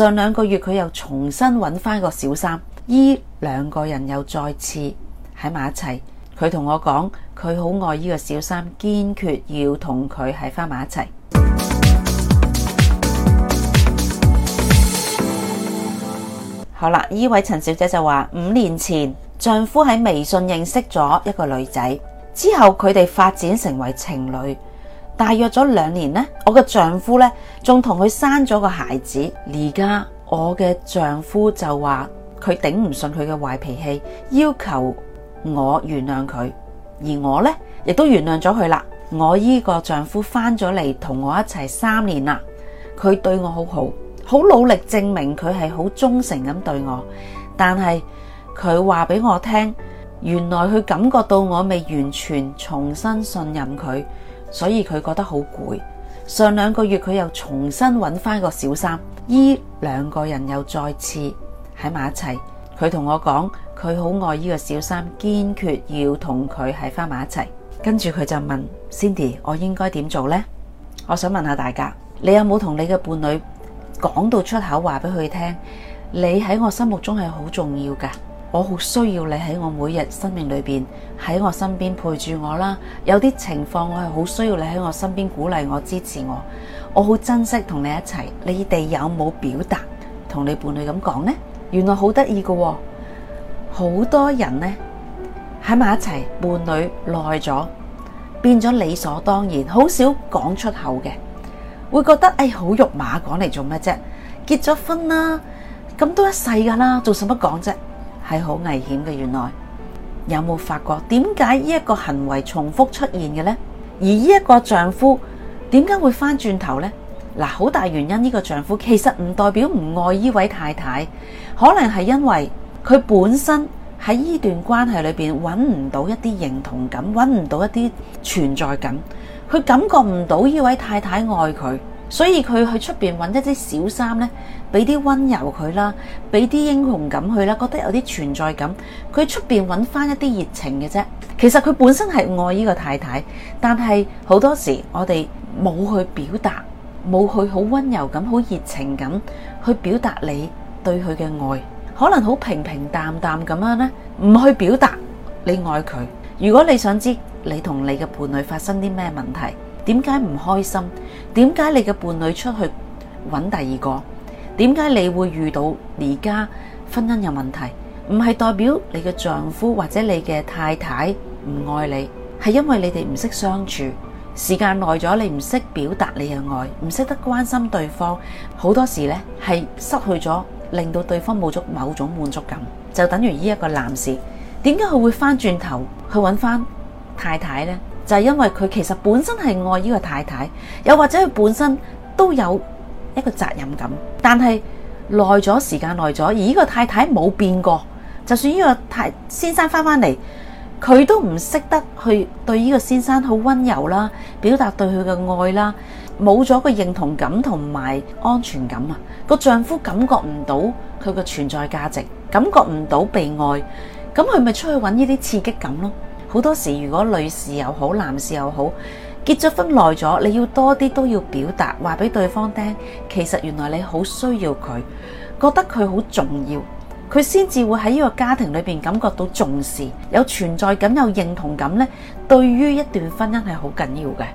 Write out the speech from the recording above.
上兩個月佢又重新揾翻個小三，依兩個人又再次喺埋一齊。佢同我講，佢好愛依個小三，堅決要同佢喺翻埋一齊。 好啦，依位陳小姐就話，五年前丈夫喺微信認識咗一個女仔，之後佢哋發展成為情侶。大約咗兩年呢，我嘅丈夫呢，仲同佢生咗個孩子。而家我嘅丈夫就話佢頂唔順佢嘅壞脾氣，要求我原諒佢。而我呢，亦都原諒咗佢啦。我依個丈夫翻咗嚟同我一齊三年啦，佢對我好好，好努力證明佢係好忠誠咁對我。但係佢話俾我聽，原來佢感覺到我未完全重新信任佢。所以佢覺得好攰，上兩個月佢又重新揾翻個小三，依兩個人又再次喺埋一齊。佢同我講，佢好愛依個小三，堅決要同佢喺翻埋一齊。跟住佢就問 Cindy，我應該點做呢？我想問下大家，你有冇同你嘅伴侶講到出口話俾佢聽？你喺我心目中係好重要㗎。我好需要你喺我每日生命裏面，喺我身邊陪住我啦。有啲情況我係好需要你喺我身邊鼓勵我，支持我。我好珍惜同你一齊。你哋有冇表達同你伴侶咁講呢？原來好得意嘅，好多人呢喺埋一齊，伴侶耐咗變咗理所當然，好少講出口嘅，會覺得哎，好肉麻，講嚟做咩啫？結咗婚啦，咁都一世噶啦，做乜講啫？係好危險嘅，原來有冇發覺，點解呢一個行為重複出現嘅呢？而呢一個丈夫點解會翻轉頭呢？嗱，好大原因呢個丈夫其實唔代表唔愛呢位太太，可能係因為佢本身喺呢段關係裏邊揾唔到一啲認同感，揾唔到一啲存在感，佢感覺唔到呢位太太愛佢。所以佢去出邊揾一啲小三呢俾啲溫柔佢啦，俾啲英雄感去啦，覺得有啲存在感。佢出邊揾翻一啲熱情嘅啫。其實佢本身係愛呢個太太，但係好多時我哋冇去表達，冇去好溫柔咁，好熱情咁去表達你對佢嘅愛，可能好平平淡淡咁樣呢，唔去表達你愛佢。如果你想知你同你嘅伴侶發生啲咩問題？點解唔開心？點解你嘅伴侶出去揾第二個？點解你會遇到而家婚姻有問題？唔係代表你嘅丈夫或者你嘅太太唔愛你，係因為你哋唔識相處。時間耐咗，你唔識表達你嘅愛，唔識得關心對方，好多時呢係失去咗，令到對方冇足某種滿足感，就等於呢一個男士，點解佢會翻轉頭去揾翻太太呢？就係因為佢其實本身係愛呢個太太，又或者佢本身都有一個責任感，但係耐咗時間耐咗，而呢個太太冇變過，就算呢個太先生翻返嚟，佢都唔識得去對呢個先生好溫柔啦，表達對佢嘅愛啦，冇咗個認同感同埋安全感啊，個丈夫感覺唔到佢嘅存在價值，感覺唔到被愛，咁佢咪出去揾呢啲刺激感咯。好多時，如果女士又好，男士又好，結咗婚耐咗，你要多啲都要表達，話俾對方聽，其實原來你好需要佢，覺得佢好重要，佢先至會喺呢個家庭裏邊感覺到重視，有存在感，有認同感咧，對於一段婚姻係好緊要嘅。